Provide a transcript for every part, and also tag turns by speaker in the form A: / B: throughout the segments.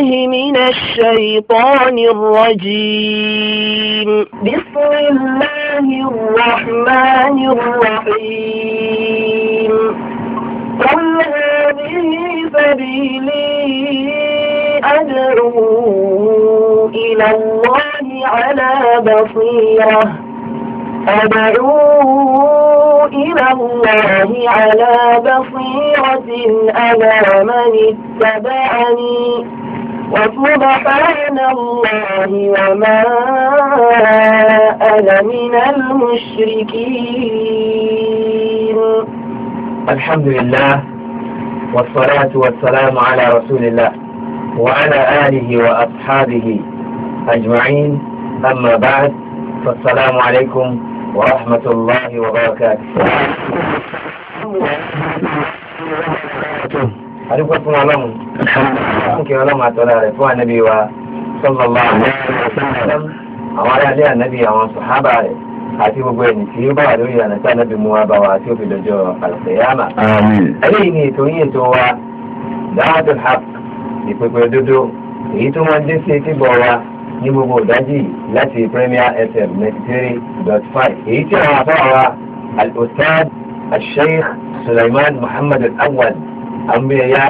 A: الله من الشيطان الرجيم بسم الله الرحمن الرحيم قل هذه سبيلي أدعو إلى الله على بصيرة أدعو إلى الله على بصيرة أنا من اتبعني وسبحان الله وما أنا من المشركين
B: الحمد لله والصلاة والسلام على رسول الله وعلى آله وأصحابه أجمعين أما بعد فالسلام عليكم ورحمة الله وبركاته adúgbò fún ọlọ́run fún kí ọlọ́run àtọ́lá rẹ̀ fún ànábì wa sallallahu alaihi wasallam àwọn aráàlú ànábì àwọn sàhábà rẹ̀ àti gbogbo ẹni tí ó bá wà lórí ànàtà ànábì mú wa bá wa tí ó fi dọjọ́ àlùfẹ́yàmà. eléyìí ni ètò yín ètò wa dáhàtò hap ìpèpè òdodo èyí tó máa dé sí etí bọ̀ wa ní gbogbo ìdájì láti Premier FM ninety three dot five èyí tí àwọn afárá wa al-Ustad al-Sheikh Sulaiman Muhammad al àmúbẹ̀yà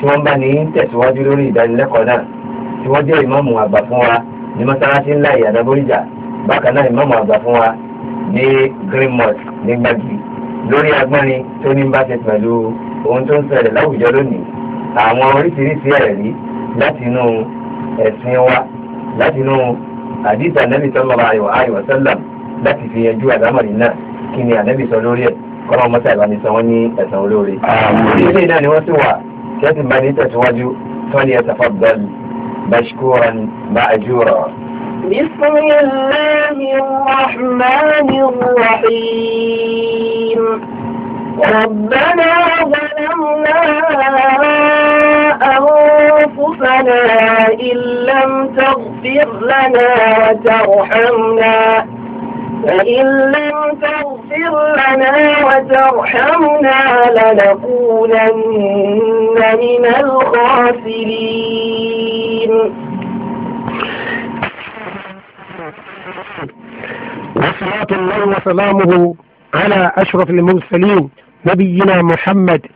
B: tí wọ́n bá ní tẹ̀síwájú lórí ìdánilẹ́kọ̀ọ́ náà tí wọ́n jẹ́ ìmáàmù àgbà fún wa ní mọ́sálásí ńlá ìyànà bóríjà bákan náà ìmáàmù àgbà fún wa ní green mosque ní gbàgbé lórí agbọ́nrin tó ní bá ṣe pẹ̀lú ohun tó ń ṣẹlẹ̀ láwùjọ lónìí àwọn oríṣiríṣi ẹ̀rí láti inú ẹ̀sìn wa láti inú àdìsí ànábì sallallahu alaihi wa sallam láti fi yanjú àdámọ̀rin náà kí ni ànábì lórí ẹ̀ kọ́lá mọ́tà ìbánisọ wọn ní ẹ̀sán olóore. ilé náà ni wọ́n sì wà tí wọ́n ti bá ní tẹ̀síwájú tọ́lí ẹ̀sán fọ́bẹ́lì bashkuran ma'ajura.
A: بسم الله الرحمن الرحيم ربنا ظلمنا أنفسنا إن لم تغفر لنا وترحمنا فإن لم تغفر لنا وترحمنا لنكونن من الخاسرين وصلاة الله وسلامه على أشرف المرسلين نبينا محمد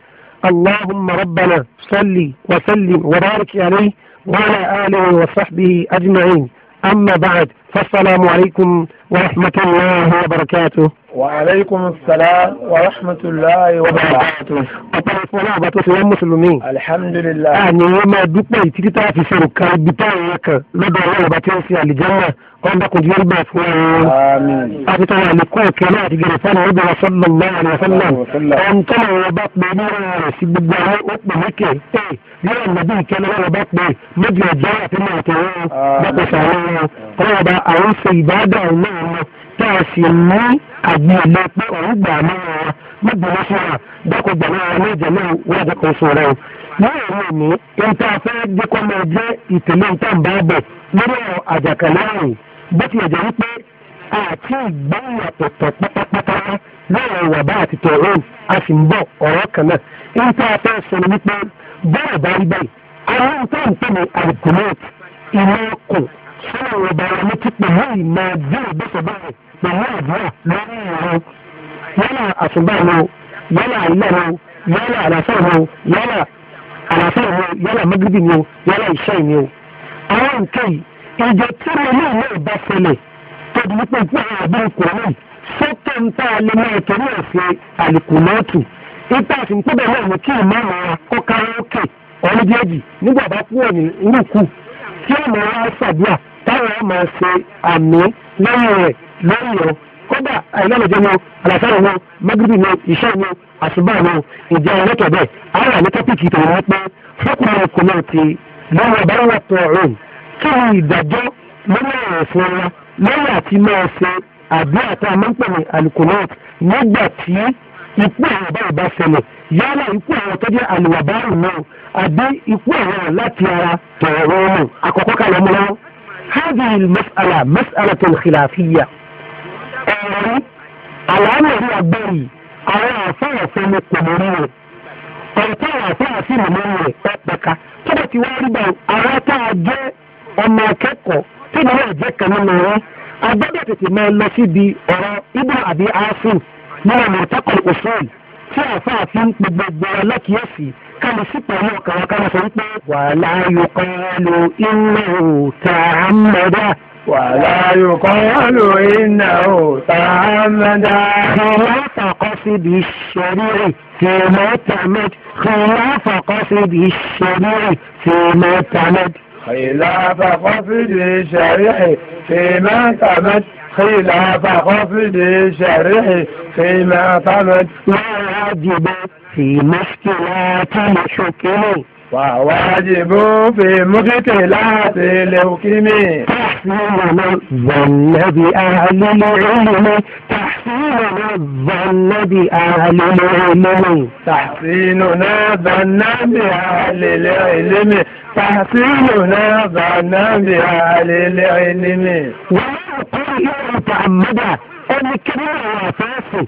A: اللهم ربنا صل وسلم وبارك عليه وعلى آله وصحبه أجمعين أما بعد فالسلام عليكم
B: ورحمة الله وبركاته وعليكم السلام ورحمة الله وبركاته ọ̀pọ̀ ìfọwọ́ àbá tó ti wọ́n mùsùlùmí. alhamdulilayi. àní wọ́n máa
A: dúpẹ́ ìtìkítà àti ìṣòro kan ibi táwọn kan lọ́dọ̀ ọlọ́run bá ti ń ṣe àlìjánná ربك جل بأفواه أبي طبعا لكوك لا تجلسان عبر صلى الله عليه وسلم أن طلع وباط بنيرا سيب الدعاء أطمع هكي إيه يا النبي كان هو باط بي مجرى الدعاء في المعتوى باط شعوى طلب أو سيدادة أو نعمة تعسيني أبي الله أعود بعمارة مجرى شعوى داكو جماعة مجمع وداكو صورة láàrin òní ohun tá a fẹ́ jẹ́ kó máa jẹ́ ìtẹ̀lé ohun tá à ń bá bọ̀ lórí àjàkálẹ̀ àrùn bó tilẹ̀ a wípé àti ìgbóhùn àtọ̀tọ̀ pátápátá lọ́rọ̀ wàbá àti tọ̀rọ̀ a sì ń bọ̀ ọ̀rọ̀ kan náà a wípé bọ́ọ̀ bá rí báyìí àwọn ohun tó ń pè ní alkunet
B: ìmọ̀ ọkùn
A: sọ́nà ọ̀bà wa létí pẹ̀lú ìmọ̀ díẹ̀ bẹ́sẹ̀bẹ́ẹ̀ pẹ̀lú àdúrà lórí ìrọ̀ yálà yálà yálà yálà ìjọ tí mo ní ìlú ìbá ṣẹlẹ̀ tọ́jú wípé ìpín àwọn àbúrò kòrónà sọ́tọ̀ ń tá a lè máa torí ẹ̀sìn àlùkùnmọ́ọ̀tù ipa àti nípébẹ̀ náà mú kí ìmáàmù wa kọ́ karaoke ọ̀rẹ́dẹ́ẹ̀dì nígbà bá kú ọ̀nì níkù tí ọ̀nà wa ṣàdúrà táwọn ọmọ ṣe àmì lẹ́yìn rẹ̀ lẹ́yìn ọ̀ kódà àìlọ́lọ́jọ́ wọn àlàfáà wọn mágídì wọn iṣẹ́ wọn àṣùbà wọn ìjà ẹ̀rẹ́tọ̀ bẹ́ẹ̀ àwọn àlẹ́ tọ́pìkì tòun wọn pé fọ́kùnrin ọkùnrin ti lọ́wọ́ kí ni ìdájọ́ lórí ọ̀rọ̀ ẹ̀sìn wọn lẹ́yìn àti máa ṣe àbí àti àmọ́pẹ̀lẹ̀ alukonot nígbà tí ikú àwọn ọba ìbá ṣẹlẹ̀ yálà ikú àwọn tó jẹ́ àlùwàbáàrù náà àbí ikú àwọn láti ara tọ̀rọ̀ ọmọ àkọ́kọ́ kalẹ̀ mọ́ lọ́wọ́. هذه المسألة مسألة خلافية ẹ̀rí àlàáfíà ní agbẹ́rì àwọn àfẹ́ẹ̀fẹ́ ní kòmórí rẹ̀ ọ̀tá àfẹ́ẹ̀fẹ́ ìmọ̀lẹ́ rẹ̀ pẹ́pẹ́ka tó bá ti wá rí báyìí àwọn tá a jẹ́ ọmọ akẹ́kọ̀ọ́ tí ìmọ̀ náà jẹ́ kan nínú wọn a gbọ́dọ̀ tètè máa lọ síbi ọ̀rọ̀ ibùdó àbí aásùn nínú àwọn ìtọ́kọ̀ òṣèlú tí àáfàá fi ń pe gbogbo ọlọ́kìyèsí kálí sípò náà kàwọn kálí sọ wípé. wàhálà yóò kọ́ lo iná òòtà àmọ́dá. wàhálà yóò kọ́ lo iná òòtà àmọ́dá. kìláàfà kọ́ síbi ìṣòríre tèmọ́tàmẹ́d kìláàfà kọ́ síbi ìṣòríre tèmọ́tàmẹ́d.
B: خلاف خفض شرحي فيما قامت خلاف خفض شرحي فيما قامت ويعجب
A: في مشكلات شكلي وواجب في مقتلات الحكم تحسين الظن بأهل العلم تحسين الظن بأهل العلم
B: تحسيننا ظن بأهل العلم تحسيننا ظن بأهل العلم ولا
A: تطيع تعمدا أن كلمة وفاسد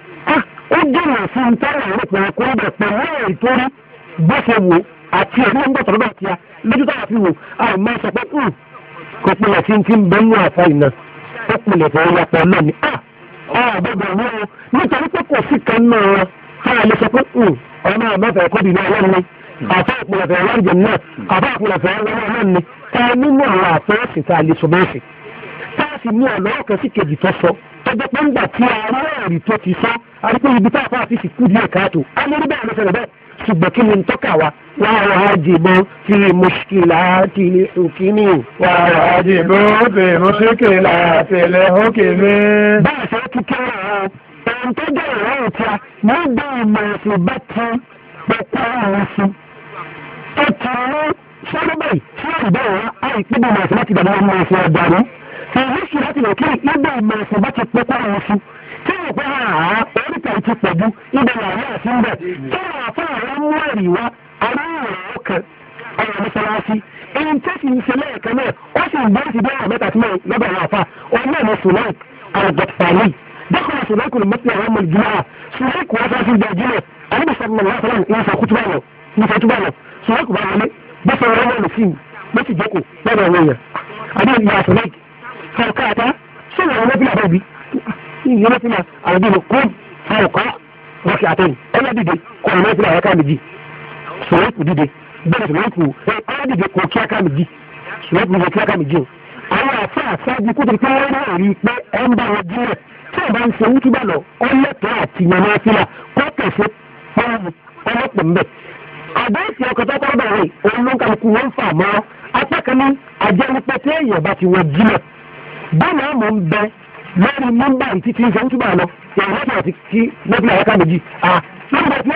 A: ó dènà fún un táwọn àwọn òpin ẹ̀kọ́ ọ̀bẹ pẹ̀lú ẹ̀rí tó rí bó ṣe wò àti ẹ̀rí ló ń gbọ̀tọ̀ lọ́dọ̀ àti ya lójú táwọn fi wò àwọn máa sọ pé hmm, kò pinlẹ̀ tí ń ti ń bẹ́nu àfa ìná ó pinlẹ̀ fún ọyà
B: pọ̀ náà ni àbọ̀dọ̀
A: ah! wọ́n o nítorí pé kò sí kan náà wọn táwọn lè sọ pé hmm, ọmọ àmọ́fẹ́ ẹ̀kọ́ dì ní ọlọ́run ni àfa ìpìlẹ̀ fẹ́ lọ́jọ́ náà àfa ìpìlẹ̀ fẹ́ lọ́wọ́ náà ni ta nínú àwọn àfẹ́sì tá a a sì ní ọ̀lọ́wọ́ kan sí kejì tó sọ tó jẹ́ pé ńgbà àdúgbò ibi tá a fà àti sìkú díẹ̀ káàtó amúrú bẹ́ẹ̀ ló ṣẹlẹ̀ bẹ́ẹ̀ ṣùgbọ́n kí ni ń tọ́ka wa wàá wàá dìbò fi mùṣkìlà tìlẹ̀ òkè mi. wàá wàá dìbò fi mùṣkìlà tìlẹ̀ òkè ti kí wọn o ohun tó jẹ́ ìwé ìta nígbà ìmọ̀ ẹ̀sìn bá ti pẹ̀pẹ́ àwọn sí. ó ti ní sọ́dọ̀bẹ̀ tí ìgbà wọn àìpé bí ìmọ̀ ẹ̀sìn bá ti ọmọ ẹ̀sìn ọ̀dàrú. èyí sì láti lọ kí ìgbà ìmọ̀ ẹ̀sìn bá ti pẹ̀pẹ́ àwọn sí tí mo pẹ́ àá oríta ti pọ̀jù ibẹ̀ làwọn àti ń bẹ̀ tí wọ́n fún àwọn mú ẹ̀rí wa aláwòrán kan ọ̀rọ̀ mọ́sálásí ẹni tó sì ń ṣe lẹ́ẹ̀kan náà ó sì ń bọ́ sí bẹ́ẹ̀ mẹ́ta tí mo lọ́dọ̀ àwọn àfa òun náà lọ sùn náà àgbàtàlẹ́ dọ́kọ̀ lọ sùn náà kò lè mọ́tì àwọn ọmọ ìjìnlẹ̀ sùn náà kò wá sá sí ìgbàjúmọ̀ àdébùsọ̀rọ̀ lọ́wọ́ sọ́lá yìí ló ti máa àbí mo kó fún ọ̀kọ́ wọ́kì àtẹ̀yìn ọ̀yà dìde kọ̀ ọ̀nà ìfúnra ẹ̀ka méjì sọ̀rọ̀kù dìde bẹ́ẹ̀ sọ̀rọ̀kù ọ̀yà dìde kò kí ẹ̀ka méjì sọ̀rọ̀kù kò kí ẹ̀ka méjì o. àwọn àfẹ́ àfẹ́jú kó tó pé wọ́n náà rí i pé ẹ̀ ń bá wọn jílẹ̀ tí ọba ń ṣe wútúbà lọ ọlẹ́tọ̀ àti yàrá fílà kó kẹsẹ̀ ọlọ́pọ̀ mbẹ́. àbẹ́ẹ̀tì ọkọ̀ tó kọ́ bẹ̀rẹ̀ olóńkàlùkù wọn fà mọ́ apá kan ní ajẹ́wípẹ́ tí èèyàn bá ti wọ jílẹ̀ bọ́ọ̀lù àmọ́ ń bẹ́ẹ̀ lórí nọ́mbà tí ti ń sọ túbà lọ ìwọ̀n láti àti kí lọ́pìlà ẹ̀ka méjì à lọ́pìlà tí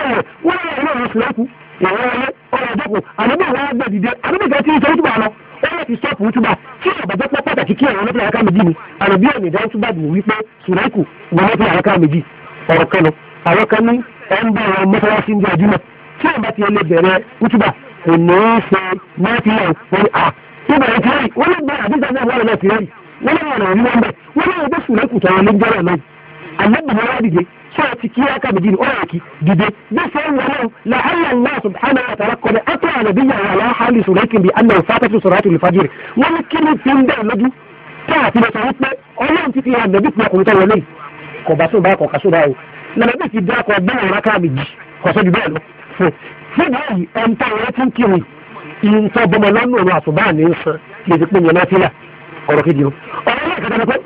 A: wọ́n wọ́n wọ́n wọ́n wọ́n sùlọ́kù ìwọ̀n ọlẹ́ ọ̀rọ̀ ọ̀dọ́kù àdúgbò wọn gbẹ dìde àdúgbò kan ti ń sọ túbà lọ ó lè ti sọ́ọ̀pù túbà tí ọ̀bàjẹ́ pọ́ pàtàkì kí ẹ̀wọ̀n lọ́pìlà ẹ̀ka méjì ni àdúgbò ẹ̀mí ìdáhùn túbà dì wípé sùlọ́kù wọn lọ́pìlà ẹ̀ka méjì ọ̀rọ̀ kan lọ àwọn kan ní ẹ̀ ń wọ́n náà rà wọ́n bẹ̀ wọ́n náà bẹ̀ fún lẹ́kùtà wọn ní gbọ́dọ̀ náà àlẹ́bùn wọn wá dìde sọ̀rọ̀ ti kí wọ́n kábi dìde ọ̀rọ̀ kí dìde bẹ́ẹ̀ fẹ́ wọn náà làhálà náà subhanahu wa ta'ala kọ́ni atọ́ àlẹ́bí yàrá aláhàlì sùrẹ́kì bí anáwó fátẹ́tù sọ̀rọ̀tù lè fàjìrì wọ́n ní kí ni fi ń bẹ́ẹ̀ lójú tá àti lọ sọ wípé ọlọ́run ti fi hàn dẹ̀bí pé ọkùnrin tó wọlé yìí kọ̀bá sóbá kọ̀ọ̀ká sóbá o nàbẹ́bí ti dákọ̀ bẹ́ẹ̀ rárá káàmì jì kọ̀ọ̀sọ́ ju bẹ́ẹ̀ lọ fún fún báyìí ẹ̀ńtà rẹ̀ ti ń ti pè yẹn ọ̀rọ̀ kejì o ọ̀rọ̀ náà kẹta ni pé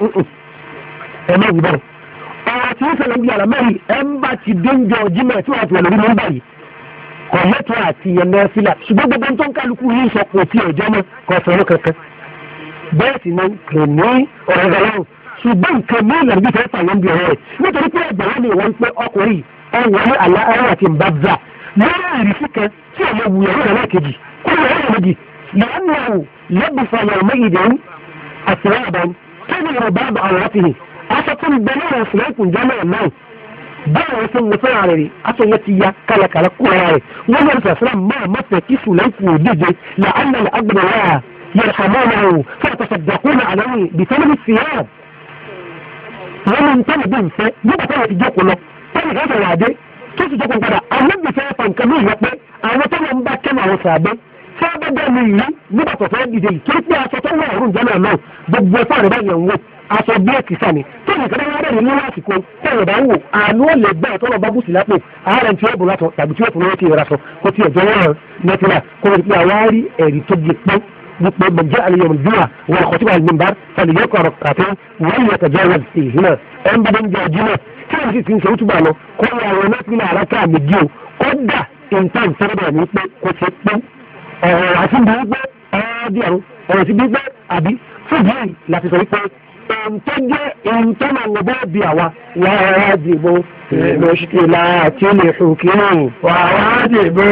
A: ẹ má wù bẹ́ẹ̀ ọ̀rọ̀ tí ó ṣẹlẹ̀ ń bí àlọ́ mẹ́rin ẹ ń bá ti dénjọ jimẹ̀ tí wọ́n ti wọ̀ lórí nọ́mbà yìí kọ̀ mẹ́tọ́ àti ẹ̀nà fílà ṣùgbọ́n gbogbo tó ń kálukú yìí sọ kò tí ọjọ́ mọ́ kò sọ̀rọ̀ kankan bẹ́ẹ̀ sì ni kò ní ọ̀rọ̀ ìgbàlọ́rùn ṣùgbọ́n nǹkan mí lẹ́nu bí fẹ́ẹ́ fàyàn bí ọ̀rọ̀ rẹ̀ nítorí pé ẹgbẹ̀rún ni wọ́n ń pẹ́ ọkùnrin ọ̀wọ́ ní àlá ẹ̀rọ àti mbàbà lórí ìrísí kan tí ọ̀lẹ́wù ẹ̀rọ rẹ̀ lẹ́ẹ̀kejì kúrò ẹ̀rọ àtìwáàbá kẹ́mi lọ bá bá àwọn àtìhìn aṣọ tó ń bẹ náà wọ̀ fún ẹ̀kún jẹ́ náà náà báwo ló fún mi fún ara rẹ̀ aṣọ yẹn ti ya kálakàlà kó ara rẹ̀ wọ́n lọ sọ̀rọ̀ sọ́ra máa má fẹ́ kí fúlẹ́kùn òdíje làálà àgbẹ̀rẹ̀ wáyà يرحمونه فيتصدقون عليه بثمن الثياب ومن تاني دين سي جدا تاني تجوكو لو تاني غير وعدي توسي جوكو كده أمد فيها فانكمي يقبي أو تاني مبا كما هو سابي sábẹ́gbẹ́ mi yìí nígbà tó fẹ́ dìde yìí torí pé aṣọ tó wà ọ̀rùn jẹ́ náà náà gbogbo ẹ̀fọ́ rẹ̀ báyìí ń wò aṣọ bí ẹ̀kì sàmì tó nìkan bá wọ́n rẹ̀ nínú àsìkò tẹ̀yìn bá ń wò àánú ò lè gbẹ́ ẹ̀tọ́ lọ bá bùsì lápò ààrẹ tí ó bù látọ̀ tàbí tí ó fún lọ́wọ́ tí ìrora sọ kó tiẹ̀ jọ wọ́n nẹ́tìrà kó o pé àwa rí ẹ̀rí tó di pọ́n nípa mọ̀jẹ́ àlejò dùnà wọn kò tí wà nínú bá fẹ̀lẹ̀ yẹ kọ̀rọ̀ kàtó wọ́n yẹ kẹjọ wọn sí ìhìnà ẹ̀ ń bá ń jẹ ọjọ́ náà tí wọ́n sì ti ń ṣe òtúbà lọ kó wọ́n àwọn nẹ́tìrà alákàmì díò kódà ìntàn sọ́dọ̀ ní pé kò ṣe pé ọ̀rọ̀ eh, àti eh, bí wípé ọ́ọ́dí ọ̀rọ̀ ọ̀rọ̀ ti bí wípé àbí fúdìí yìí láti sọ wípé ohun tó jẹ́ ohun tó máa ń bọ́ bí àwa wàá dìbò mọ̀ṣíkì láti lè hùkí mi. wàá dìbò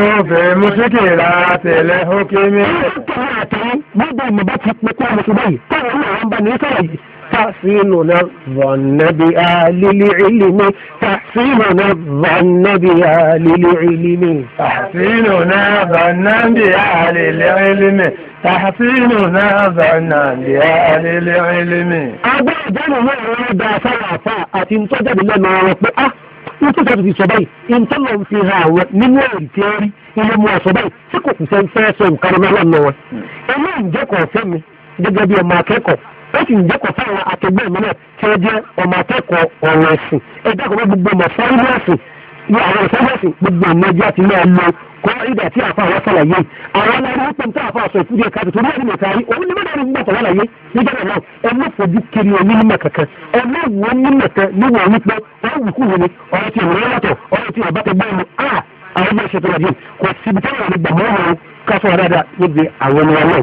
A: mọ̀ṣíkì láti lè hùkí mi. ó ń tẹ̀lé àtẹ̀lé gbogbo ìmọ̀ bá ti pẹ́ kó àwọn ṣùgbọ́n yìí kó àwọn ọ̀rọ̀ ń bá ní sọ̀rọ̀ yìí. تحسيننا الظن بآل العلم تحسيننا الظن بآل العلم تحسيننا الظن بآل العلم تحسيننا ظن بآل العلم أبا جانا ما أراد فلافا أتنتجد لنا ربما ní tó sọ́dọ̀ ti sọ báyìí ní tó lọ́n fi hàn àwọn nínú ẹ̀rí tí ó rí ilé mu ọ̀sọ̀ báyìí tí kò kù sẹ́ ń nǹkan ọmọ ọlọ́run wọn. ẹ̀mí ìjẹ́kọ̀ọ́ fẹ́ mi gẹ́gẹ́ bí ọmọ akẹ́kọ̀ọ́ ó sì ń jẹ́kọ̀ọ́ fáwọn akẹgbẹ́ mi náà tí wọ́n jẹ́ ọmọ akẹ́kọ̀ọ́ ọ̀rọ̀ ẹ̀sìn ẹ dákọ̀ọ́ gbogbo ọmọ fáwọn ẹ̀sìn ní àwọn ìfẹ́fẹ́sìn gbogbo ìmọ̀jẹ́ àti ilé ẹ̀lọ́ kó ìdà tí àfa àwọn sàlàyé àwọn aláwọ̀ wípé ń tẹ́ àfa àṣọ ìfúdi ẹ̀ka tó lórí ìmọ̀ta rí òun ní mẹ́ta ní gbogbo ọ̀tọ̀ lálàyé nígbà náà ẹ má fojú kiri ọ nímọ̀ kankan ẹ má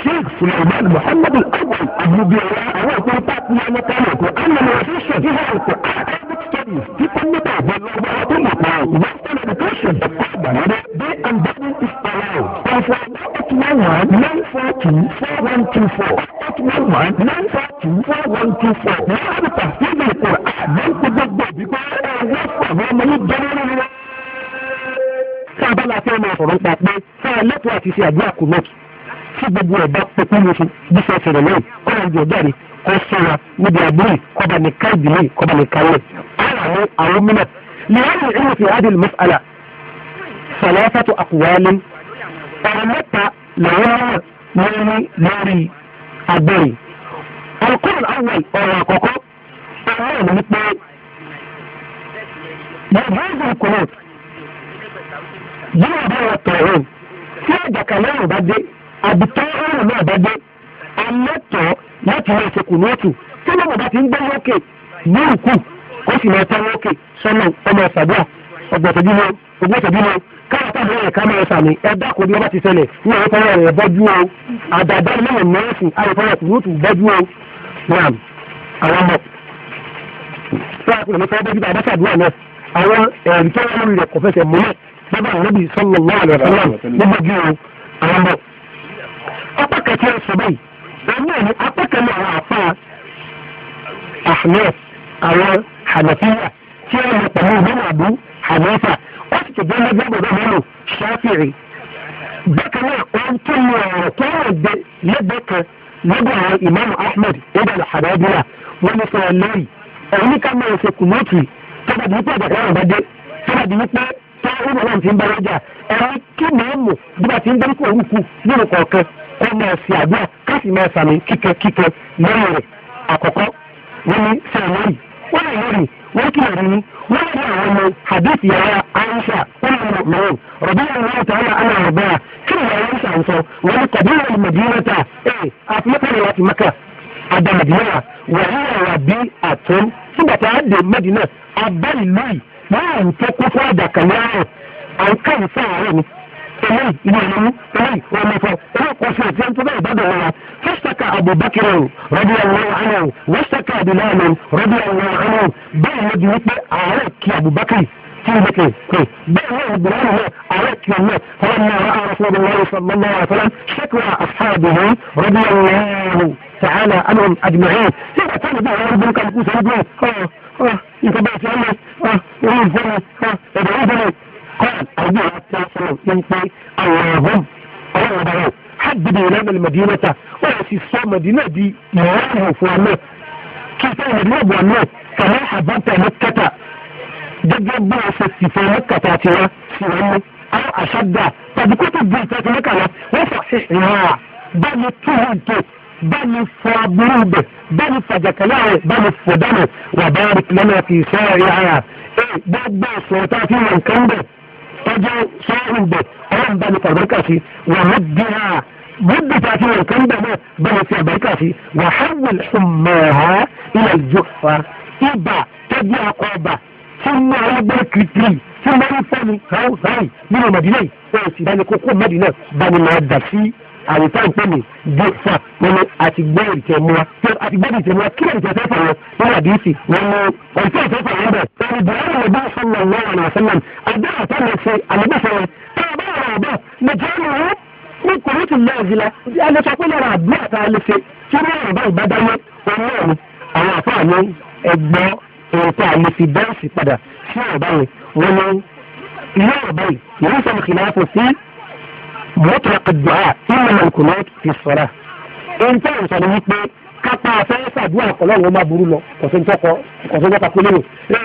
A: الشيخ سليمان محمد الأول أيوبي الله وقلت لي أنا تعلمت في القرآن في fẹ́ máa sọ̀rọ̀ nípa pé sáà lẹ́tọ̀ọ́ àti ṣe àdúrà kò lọ́tù gbogbo ẹ̀dá pẹ̀pẹ́ lóṣù bí sọ ṣẹlẹ̀ lẹ́yìn kọ́ra ìjọ jáde kọ́ sọ̀rọ̀ níbi àbúrò kọ́ba ní káìdìlẹ̀ kọ́ba ní káwọ̀. àwọn àwọn mímọ̀ lẹ́yìn ìlú fi adìl mọ́sálà sàlọ́fàtò àkùwálé ọ̀rọ̀ mẹ́ta làwọn lórí lórí abẹ́rẹ́. alukóòlù àwọn ọ̀rọ̀ àkọ́kọ́ àwọn ọ̀nà wípé
B: yàrá ìgbà kọ̀ọ̀
A: àbùtọ́ ọ̀rọ̀ náà bá dé amẹ́tọ̀ láti máa ṣe kùnúùtù tí ọlọ́mọ bá ti ń gbé lókè lórúkù ó sì máa tán lókè sọ́nà ọmọ ìsàdúrà ọgbọ̀tọ̀jú lọ ọgbọ̀tọ̀jú lọ káwọn táwọn ọ̀rẹ́ ká máa sàmì ẹ̀dá kò ní ọba ti ṣẹlẹ̀ ní àwọn ọ̀rẹ́ rẹ̀ bọ́jú o àdàdà lẹ́yìn mẹ́rẹ̀sì àyẹ̀fọ́rẹ́ kùnúùtù bọ́jú o ram àwọn ọmọ tí a kò lè fọwọ́ bọ́jú bàbá sàdúrà náà àwọn ẹ̀rí tó wọ́n lórí rẹ̀ kò fẹsẹ̀ mọ́lẹ̀ bàbá àrẹ́bì sọ́nà lọ́wọ́ àlẹ́ apá kẹtì ẹ sọ báyìí àmì ẹni apá kẹlẹ àwọn apá ahmed àwọn hanafiya tí wọn lọ pẹ̀lú ìbọn àbú hanifa wọn sì tẹgbẹ ẹgbẹ gbọ́dọ̀ mẹlò ṣáfìrì bákan náà wọn tún lu ọ̀rọ̀ tó wọn gbé lẹ́gbẹ̀ẹ́ kan lọ́dọ̀ àwọn imaamu ahmed ibn hanabiya wọn ní sọ lórí ẹni ká máa ṣe kùmọ́tì tọ́ba di di wípé tọ́ba ìmọ̀ràn kó máa ṣe àdúrà ká sì máa sàmì kíkẹ́kíkẹ́ lórí rẹ̀ àkọ́kọ́ wọ́n ní sàmúlì wọ́n lè lórí wọ́n kì í rí wọ́n lè àwọn ọmọ hadith yàrá aisha wọ́n lè lọ mọ́rùn rọ̀bí yàrá wọn tàn án àná ọ̀bẹ́ à kí ni yàrá aisha ń sọ wọ́n ní kọ̀bí yàrá mẹ̀dínà ta ẹ̀ àfihàn yàrá ti mẹ́kà àdàmẹ̀dínà wọ́n yàrá bí àtún nígbà tá a dé mẹ́dínà abẹ́ ìlú yìí wọ́n à ń tó kó fún àdàkàlẹ́ àrùn à ń kàn fún àárẹ̀ ni فاشتكى ابو بكر رضي الله عنه واشتكى بلال رضي الله عنه بل يجلس عليك يا ابو بكر بل عليك يا الله فلما راى رسول الله صلى الله عليه وسلم شكوى اصحابه رضي الله تعالى عنهم اجمعين كيف كان بها ربك يقول سيدنا اه اه انت بقى تعمل اه اه اه اه اه اه اه kọ́ọ̀n ọdún wa ti sọ fún pé àwọn ọ̀hún ọlọ́run bá wọ̀ hábìlì ìlànà mẹ̀dínà ta ó yẹ sì sọ mẹ̀dínà di ìwọ́n òfin ọ̀nà kí sẹ́yìn mẹ̀dínà bọ̀ ọ̀nà kàmá àbáta mẹ́kẹ́ta gẹ́gẹ́ bá a ṣe sì fún mẹ́kẹ́ta ti wá sí wọn mú àwọn àṣàgbà tàbí kó tó gbọ́n tẹ̀sán mẹ́kàlá wọ́n fà ṣe ìhà báyìí tó hàn tó بل فابرود بل فجكلاه بل فدمه وبارك لنا في سائعها ايه ده ده صوتها في من كان ده tọ́jú sọ́ọ̀rùn bẹ̀ ọlọ́run bá ní fàbẹ́kà sí wà ní bíhà gbogbo tí a ti wọ̀n kan bẹ̀rẹ̀ bẹ̀rẹ̀ sí àbẹ̀kà sí wà hàwìl ṣùmọ̀ọ́há ilẹ̀ ìjọba ibà tọ́jú akọ ọba tí mo alágbé kìkìrì tí mo rí fẹ́mi ráúráì nínú mọ̀dínà yìí ó sì dání kókó mọ̀dínà bá ní máa dà sí àwòtá ìpèmí bí fà nínú àti gbé ìtẹ̀múwa tó àti gbé ìtẹ̀múwa kí lè ìtẹ̀fẹ́ fà wọn wọn àdìyí sì wọn mú ọ̀tẹ́ ìtẹ̀fẹ́ wọn bẹ̀. ẹni bẹ̀rẹ̀ wọn bá sọ̀nà wọn wọn àṣẹ náà àdéhùn àtàwọn ṣe àlébùfẹ́ wọn tó o bá wọn àbọ̀ lè jẹ́ ẹnu wọn ní kòrótù lẹ́ẹ̀dì la ẹni sọ pé lára àdúrà tá a lè ṣe kí wọn wọn bá ìbá dáyé ọmọ mi àwọn àfáà ní ẹgbọ́ ètò àlefi dẹ́ẹ̀sì padà sí ọ̀bá yẹn mutlaq ad-du'a innamal qunut fi as-salah ẹn tẹ́ ẹ̀ ń sọ ni wípé kápá afẹ́ sàdúrà kọlọ́run ó má burú lọ kọ̀sẹ̀ntọ́kọ kọ̀sẹ̀ntọ́kọ lérò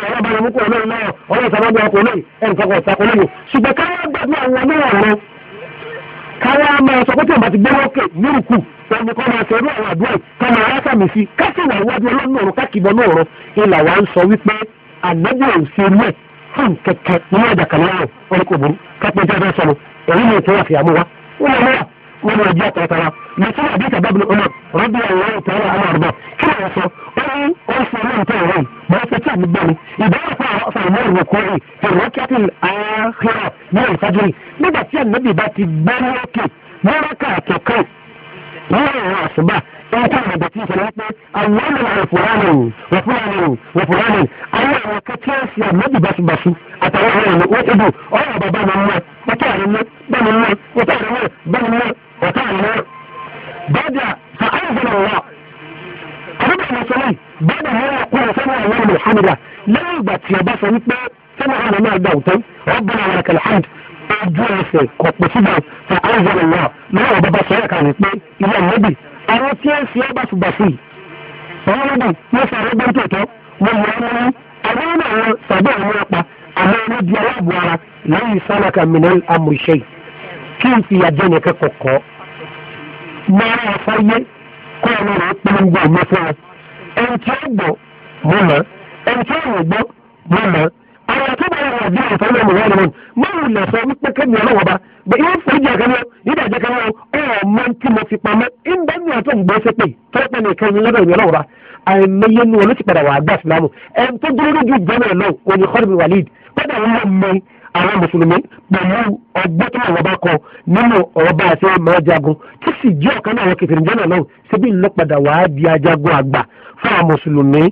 A: ẹ̀rọ bá yẹmú kó ọlọ́run náà ọlọ́run sọ lọ́dún ọkọ̀ lóyè ẹnìkan kọ̀ ọ̀sàkọ lérò ṣùgbọ́n káwọn gbàdúrà wọn náà lọ káwọn a máa sọ pé tí o bá ti gbé lókè nírùkù ẹni kan máa ṣerú àwọn àdúrà kan máa rásà mí sí kásìwà iwájú ọlọ́run ọ̀run kákìbọ náà rọ ilà wa ń sọ wípé ànágbé òsèrú ẹ̀ fún kẹ̀kẹ́ nínú àjàkálẹ̀ àrùn ọ̀rẹ́kọ̀ọ́bùrú èyí ni ìtura fìyàmú wa wọn lọ mẹ́wàá wọn lọ jẹ́ àtàtàrà lẹ́sìn àbí kàbábìlì ọmọ rọ́bì ọ̀rọ̀ ìtàwọn àwọn ọ̀rọ̀ kí ló ń sọ ó ní ó sọ náà tó ọ̀rọ̀ yìí mọ̀ ẹ́ fẹ́tí àmì bẹ́ẹ̀ ni ìbára fún àwọn ọ̀sán ìmọ̀ ìwòkọ́ yìí tó rọ́kẹ́tì àáhírà ní ìfajiri nígbà tí ànábì bá ti gbẹ́rẹ́ òkè mọ́rákà àtọ̀kọ́ lọ́rọ̀ àṣùbà tọ́jú àwọn àbẹ̀tí ìṣẹ̀lẹ̀ pé àwọn ọmọ ìfúránì ìfúránì ìfúránì àwọn àwọn kẹ́kẹ́ ẹ̀sìn àmọ́bí basubasu àtàwọn ọmọ ìlú wọ́n ti bù ọ̀rọ̀ bàbá mi mú ẹ ọ̀tá rẹ̀ mú bẹ́ẹ̀ mú ọ̀tá rẹ̀ mú bẹ́ẹ̀ mú ọ̀tá rẹ̀ mú. bàdà sọ àyùbọ̀nà wà àdúgbò mùsùlùmí bàdà mú ọkùnrin sọ́nà àwọn ọmọ ìhàmìdà lẹ́yìn ìgbà tí ọba sọ wípé sọ́nà àwọn ọmọ àgbà òtán ọgbọ́n àwọn akẹ́lẹ́ hànd ojú ẹsẹ̀ kọ̀pọ̀ síbẹ̀ sọ àyùbọ̀nà wà lọ́wọ́ bàbá sọ́yà kan wípé ilé ọ̀nẹ́bì àwọn tí ẹ fi ọba fìgbà sí àwọn ọlọ́dún wọ́n fi àwọn ọgbọ́n tòótọ́ wọ́n yọ ọmọ wọn àwọn ọmọ àwọn tàbí àwọn ọpa àwọn ọmọ di aláàbò ara lẹ́yìn sálàkà mìíràn amòṣe kí n fi àjẹ nìkan kọ̀kọ́ máa ń fọ́ yé kó ọmọ rẹ̀ polongo ọmọ fún wọn ẹni tí ó gbọ́ mọ́ mọ́ ẹni tí ó gbọ́ mọ́ mọ́ àwọn àtúbọ̀ yẹn wà bíi ìfọwọ́ ẹ̀mí wọn nìyẹn mọ́wù lè sọ wípé kébì ọlọ́wọ́ bá bẹ yín fòójì àkànlọ́ yín dàjẹ́ kan wọn ọ̀ mọ tí mo fi pamọ́ ń bá mi àtọ̀ gbọ́ sí pé tọ́pẹ́ ní ìkànnì lọ́dọ̀ ìmí ọlọ́wọ́ bá àìmọye nu wọn ló ti padà wà àgbà sílámù ẹn tó dúró lójú jẹ́nà náà wọn ni Khalid bin Walid padà wọn mọ àwọn mùsùlùmí pẹ̀lú ọgbẹ́ tó wọn bá kọ nínú ọba àti ọmọ jagun tó sì jẹ́ ọ̀kan náà wọn kẹfìrì jẹ́nà náà síbi ńlọ padà wàá di ajagun àgbà fún àwọn mùsùlùmí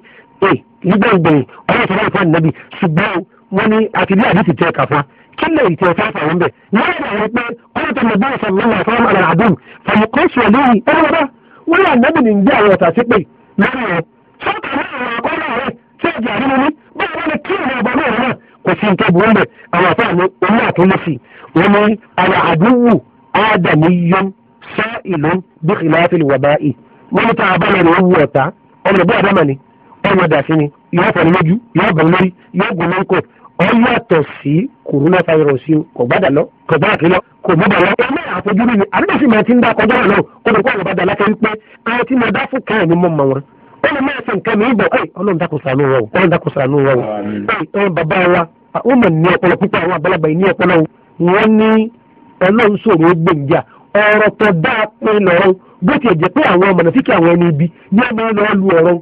A: pé nígbẹ̀ngbẹ̀yìn ọlọ́run sọ láìpẹ́ ànábì ṣùgbọ́n wọ́n ní àti bí àdìsí tẹ ẹ̀ka fún wa kí lè tẹ ẹ̀ka fún àwọn bẹ̀ nígbà wọn pé ọlọ́run tẹ̀lé bọ́ọ̀lù sọ lọ́wọ́ àfọwọ́n àlà àdùn fàmù kan sùn lórí ọlọ́wọ́dá wọ́n ní ànábì ní ìgbé àwọn ọ̀tà sí pé lọ́rọ̀ rẹ̀ sọ́kà náà ọ̀kọ́lá rẹ̀ tí ẹ̀jẹ̀ àdínú ní báwo ni kí ìrìn àbọ̀ náà náà kò ìlú bí kìláàfin wàbáì wọn ní tá a bá lọ rẹ̀ wù ọ̀tá ọmọ ìbú àdámà ọmọ dàsí ni yóò fọ ní lójú yóò gbọ̀n lórí yóò gùn ní kò ọ na sí kòrónà fáyọrọ̀sì kò gbàdà lọ kò gbàdà kí lọ kò gbàdà lọ. ọmọ àfojú mi ni àdúgbòsí máa ti ń dá kọjá náà kó ló kó àwọn na lákẹ́ wípé àwọn tí mo dá fún káyọ̀ ni mo mọ̀ wọn. ó lè máa ṣe nǹkan mi ìbọ̀ ọlọ́run dákò wọn o ọlọ́run dákò wọn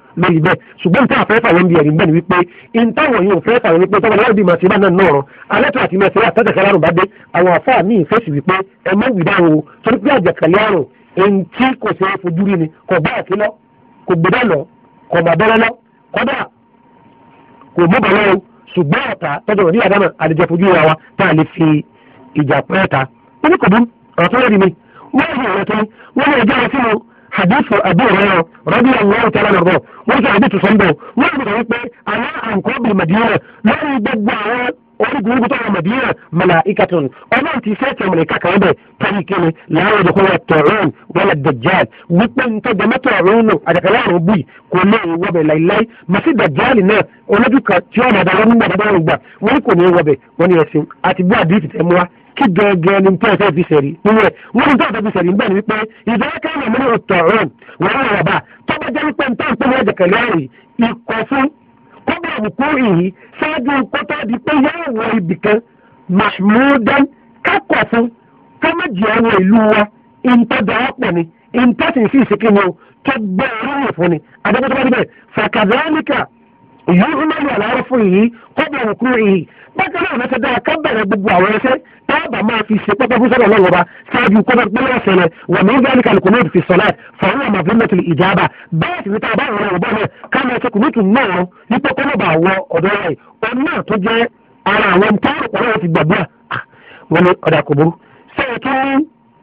A: lórí bẹ́ẹ̀ ṣùgbọ́n tí àfẹ́ fàwọn bí ẹ̀rí bẹ́ẹ̀ ni wípé ìntàwọn yóò fẹ́ fàwọn wípé tọ́ba láwùjọ máa ti bá náà nọ̀rọ̀ alẹ́ tó àti máa ti wá tẹ́tẹ̀kẹ́ lárùn bá dé àwọn àfáà ní ìfẹ́sì wípé ẹ mọ́ ìgbìdá o torí pé àjàkálẹ̀ àrùn èyí tí kò ṣe é fojú rí ni kò gbá àti lọ kò gbẹdẹ lọ kò mà bẹ́rẹ̀ lọ kọ́dà kò mú bàlẹ́ o ṣùgbọ́n fi ìjà pẹ́ ta ó ní kò bú ọ̀tún lẹ́ni mi hadithu abu hurairah radiyallahu ta'ala anhu wọ́n sọ àbí tùsọ̀ ń bọ̀ wọ́n sọ wípé àwọn àǹkọ́ bìí màdìyàn lórí gbogbo àwọn orígun orígun tó wà màdìyàn malaikatun ọlọ́run ti fẹ́ tẹ̀ mọ̀lẹ́ka kan bẹ̀ tàbí kíni láwọn ìdókòwò at-ta'un wala dajjal wípé ń tọ́jà mẹ́tọ̀ ọ̀run nù àjàkálẹ̀ àrùn bùi kò lè wọbẹ̀ láìláì màsí dajjal náà olójú kan tí ó mọ̀ dáná nígbà dáná nígbà wọ́n kò ní wọbẹ̀ wọ́n ní ẹ̀sìn àti bú àdìsí tẹ̀ mú kí gẹ́gẹ́ ni tí a fẹ́ fi sẹ̀rí nínú ẹ̀ wọ́n ní tí a fẹ́ fi sẹ̀rí nígbà ní wípé ìdọ́wọ́ káyọ̀ mi ní òtọ̀ ọ̀rọ̀ wọ́n rà wà bá tó bá jẹ́ wípé nǹkan tó wọ́n jẹ̀kẹ̀lẹ́ àrùn ikọ̀ fún kọ́bà òkú ìhì ṣáájú kọ́tà di pé yóò wọ ibì kan mahmudan kákọ̀ fún kámẹ́jì àwọn ìlú wa ìntọ́jà ọ̀pọ̀ ni ìntọ́sí bákan náà mẹ́ta dáa ká bẹ̀rẹ̀ gbogbo àwọn ẹsẹ̀ tá a bá máa fi ṣe pẹ́pẹ́ fún sọ́dọ̀ ọlọ́run ọba ṣáájú kọ́dọ̀ gbọ́dọ̀ ṣẹlẹ̀ wà ní gbẹ́ni kàlùkù náà fi sọ̀lá ẹ̀ fọwọ́n àmà fún mẹ́tìlì ìjàmbá bẹ́ẹ̀ sì ní tá a bá rọrùn ọ̀bọ̀ náà ká máa ṣe kùnúùtù náà ní pẹ́pẹ́ náà bá wọ ọ̀dọ́ rẹ̀ òun náà tó jẹ́ ara àwọn táwọn ọ̀rọ̀ ti gbàgbọ́ wọn ni ọ̀dà kò burú ṣé ẹ tún ní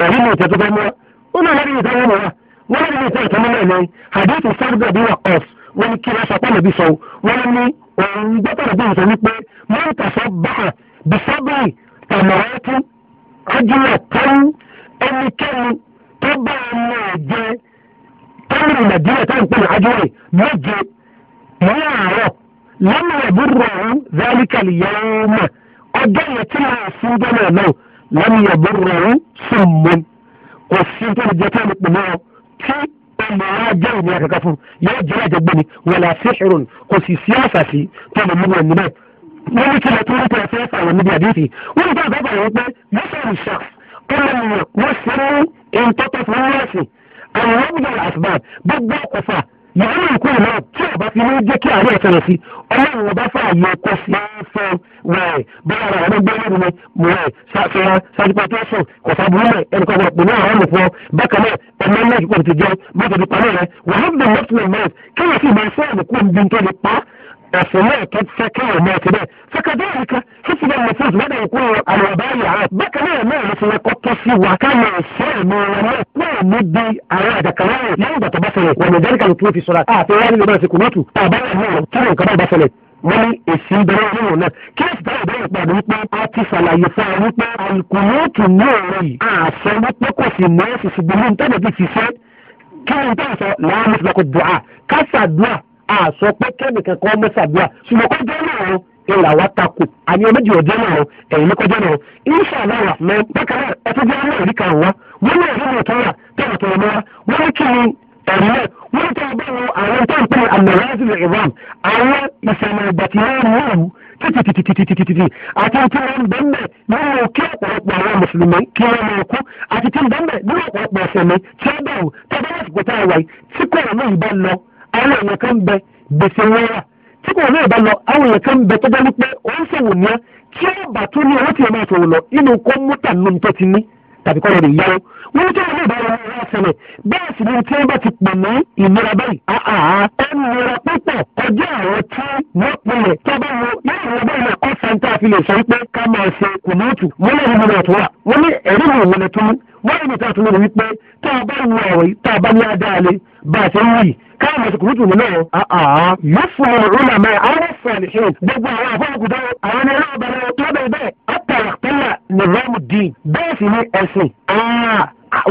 A: ẹ̀rí mi ìtẹ́tù fẹ́ mọ́ wọn náà lẹ́yìn ìtẹ́wọ́ mọ́ wa wọn lẹ́yìn ìtẹ́tù mọ́ náà lẹ́yìn àdéhùn sábà bí wà ọ̀f wọn ni kí wọ́n sọ pé nàbí sọ wọn ni òun gbọ́dọ̀ bí nǹkan wípé mọ́tàṣọ́ bá bisábàì tàmọ̀rẹ́tì ajílẹ̀ tán ẹnikẹ́ni tó bá ọmọ ẹ̀jẹ̀ tẹ́lẹ̀ nàìjíríà tá à ń pè ní ajílẹ̀ méje láàárọ̀ lọ́nà ìbúrò ọ̀hún zálíkàlì yẹ́ọ́mà ọjọ́ yẹn tí wọ́n fún gbọ́dọ̀ náà lọ́nà ìbúrò ọ̀hún sùnmọ́ kò sí tó lè jẹ́ náà tí máa jẹ́ ìnira kankan fún yóò jẹ́ ẹ̀jẹ̀ gbé ni wọ́n là sí ìrùn kò sì sí àṣà sí tó lè múlò ẹni bẹ́ẹ̀. wọ́n ní kílẹ̀ tó ń tẹ̀ fẹ́ fàwọn níbi àdéhìí wọ́n ní báyìí bàbá wọn pé mọ́sàlù ṣàf ọlọ́run wọ́n ṣe é ní ìtọ́tọ́ fún wọ́ọ̀sì àwọn ọmọdé àṣìbá gbogbo ọkọ̀ fà yàrá ìkó ìlú tí ọba ti ní jẹ́ kí àárẹ̀ ṣẹlẹ̀ sí ọlọ́run ọba fààyè ọkọ̀ sí fún wẹ̀ bóyá ara àwọn ọgbẹ́ ẹlẹ́rìí ni mo rẹ̀ ṣàfihàn ṣàdúpọ̀ tó sùn kò kan gbọdọ̀ àwọn olùfọ́ bákan náà ọmọ ilé ìkọ̀ ti jẹun bó ti di wàhálà the next man man kí wọ́n sì máa fẹ́ àbùkù ibi tó lè pa أسماء قد سكوا ما تبع فكذلك حسب النفوس بدا يكون الوباء بك ما ما مثل قد تصيب وكان السلام وما مدي على ذكرى يوضع تبصره ولذلك نطلب في صلاة آه في يعني لما سكنوته تابعه هو ترى كمان بصره wọ́n ní èsì ìbẹ̀rẹ̀ ọ̀hún náà kíyèsí táwọn ìbẹ̀rẹ̀ ìpàdé wípé a ti ṣàlàyé fún wa wípé àìkùnúùtù ní ọ̀rọ̀ yìí àṣẹ wípé kò sì mọ́ ẹ̀sìn ṣùgbọ́n ní ìtẹ́lẹ̀ ti fi ṣe kí ni ìtẹ́lẹ̀ sọ làwọn mọ̀sílẹ̀kọ̀ dùà kásà dùà àsọ pé kẹ́mi kankan ọmọ sàdúrà ṣùgbọ́n kó jẹ́ náà ìlà wa takò àní ọmọdé ọjọ́ náà ẹ̀yìn ló kọjá náà inṣàlá rahman bákan náà ẹtú jẹ́ náà rí kan wá wọ́n náà rí ọ̀tọ́ rà tẹ̀wọ̀ tẹ̀wọ̀ mọ́ra wọ́n ní kí ni ẹ̀rí náà wọ́n ní tẹ̀wọ̀ báwo àwọn tó ń pè àmọ̀láṣí ìrọ̀m àwọn ìṣẹ̀lẹ̀ ìgbàtí náà mú títítítítítítítítítí àti tí wọ́n bẹ́ẹ̀ nínú kí ọ̀pọ̀lọpọ̀ àwọn mùsùlùmí kí wọ́n máa kú àti tí bẹ́ẹ̀ nínú ọ̀pọ̀lọpọ̀ ọ̀sẹ̀ mi tí ó bẹ̀rù tọ́jú lásìkò tá a wáyé tí kò wọ́n náà ń bá lọ àwọn èèyàn kan bẹ gbèsè wọn wà tí kò náà bá lọ àwọn èèyàn kan bẹ tó bá wípé ó ń sòwò ní tí ó bà tó ní owó tí ẹ máa sòwò lọ inú kó mọ́tà nù tó ti ní tàbí kọ́ lọ́dẹ̀ ìyáwó wọ́n ní tí wọ́n náà bá wọn wá ṣẹlẹ̀ bẹ́ẹ̀ sì ni tí wọ́n bá ti pè ní ìnira báyìí àà ó nira púpọ̀ ọjọ́ àwọn tí wọ́n pinlẹ̀ tó bá wo yóò wọ́n bá wọn kọ́ santa fi lè sọ pé ká máa ṣe kùnúùtù wọ́n lè rí mi wà wọ́n ní ẹ̀rí mi ìwọlẹ̀ tó wọ́n rí mi tó àtúnlẹ̀ wípé tá a bá wù ọ̀rọ̀ yìí tá a bá ní adáalẹ̀ bá a ṣe ń wù yìí káwọn mùsùlùmí tù náà àà mọ́fùn ọ̀rùn àmọ́ àwọn sàlìhìn gbogbo àwọn àfọwọ́kùtà àwọn ẹni ọlọ́ọ̀bẹ̀rẹ̀ tó bẹ̀rẹ̀ bẹ́ẹ̀ ọ̀tàlàpẹ̀là nìrọ́mù dín bẹ́ẹ̀ sì ni ẹ̀sìn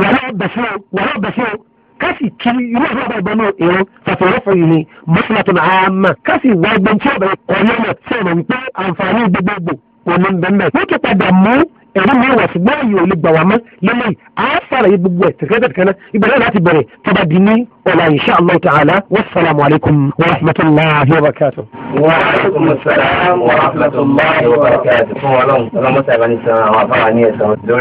A: wàhálà bẹ̀sẹ̀ wàhálà bẹ̀sẹ̀ kasi kiri irú àwọn ọba ìbọn náà èrò fàfẹ́rọ́fọ̀ yìí ni mọ́sálà tó nà á mà kasi wà gbọ́n tí ọ̀bẹ̀rẹ̀ kọ́ ní ọ̀nà tí ọ̀nà ń pẹ́ àǹfààní gbogbogbò òní bẹ́ẹ̀ wọ́n ti padà mú ẹ̀rí mi wà ṣùgbọ́n ààyè ò lè gbà wá mọ́ lélẹ́yìn á fara yìí gbogbo ẹ̀ tẹ̀kẹ́tẹ̀kẹ́ná ìbẹ̀rẹ̀ láti bẹ̀rẹ̀ tọ́ba di ní ọ̀la insha allah ta'ala wasalaamu alaykum wa rahmatulahi wa barakatu.
B: wa alaykum wa rahmatulahi wa barakatu. fún ọlọ́run ọlọ́mọ sábà ní sàn àwọn
A: afárá ní ẹ̀sán lórí.